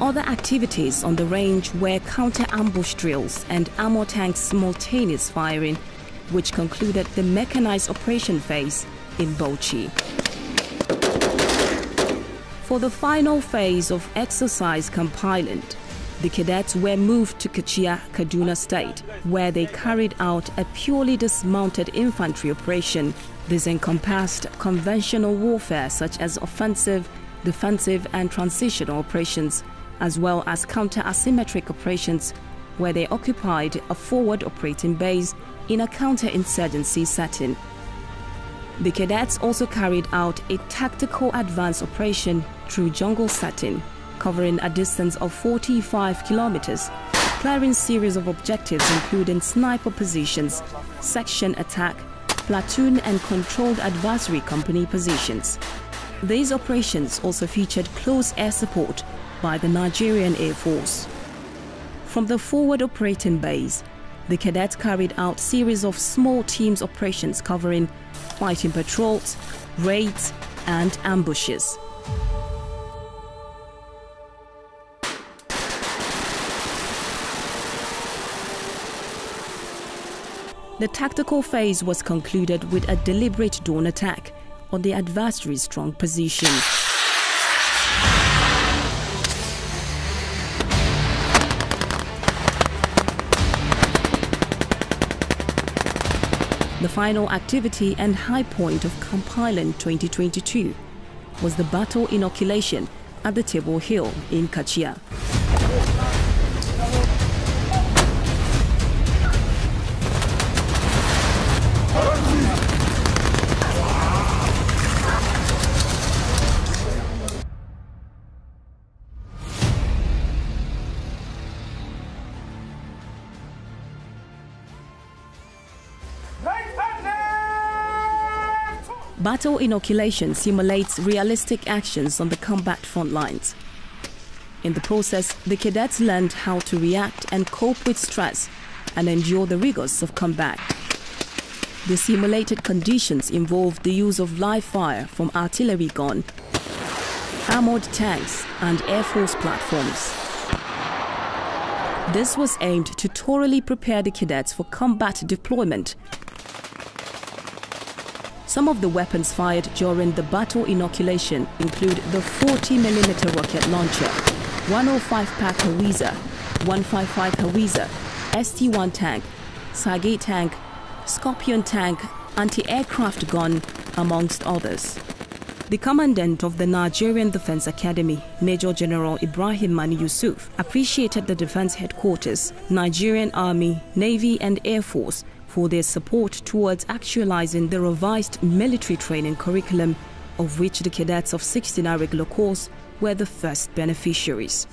other activities on the range were counter-ambush drills and armor tank simultaneous firing, which concluded the mechanized operation phase in Bochi. For the final phase of exercise Camp the cadets were moved to Kachia, Kaduna State, where they carried out a purely dismounted infantry operation. This encompassed conventional warfare such as offensive, defensive, and transitional operations as well as counter-asymmetric operations, where they occupied a forward operating base in a counter-insurgency setting. The cadets also carried out a tactical advance operation through jungle setting, covering a distance of 45 kilometers, clearing series of objectives including sniper positions, section attack, platoon and controlled advisory company positions. These operations also featured close air support by the Nigerian Air Force. From the forward operating base, the cadets carried out series of small teams operations covering fighting patrols, raids and ambushes. The tactical phase was concluded with a deliberate dawn attack on the adversary's strong position. The final activity and high point of Compiling 2022 was the battle inoculation at the Table Hill in Kachia. Battle inoculation simulates realistic actions on the combat front lines. In the process, the cadets learned how to react and cope with stress and endure the rigors of combat. The simulated conditions involved the use of live fire from artillery gun, armored tanks and Air Force platforms. This was aimed to thoroughly prepare the cadets for combat deployment some of the weapons fired during the battle inoculation include the 40mm rocket launcher, 105-pack howitzer, 155 howitzer, ST-1 tank, Sarge tank, Scorpion tank, anti-aircraft gun, amongst others. The commandant of the Nigerian Defense Academy, Major General Ibrahim Mani Yusuf, appreciated the Defense Headquarters, Nigerian Army, Navy and Air Force for their support towards actualizing the revised military training curriculum, of which the cadets of 16 regular course were the first beneficiaries.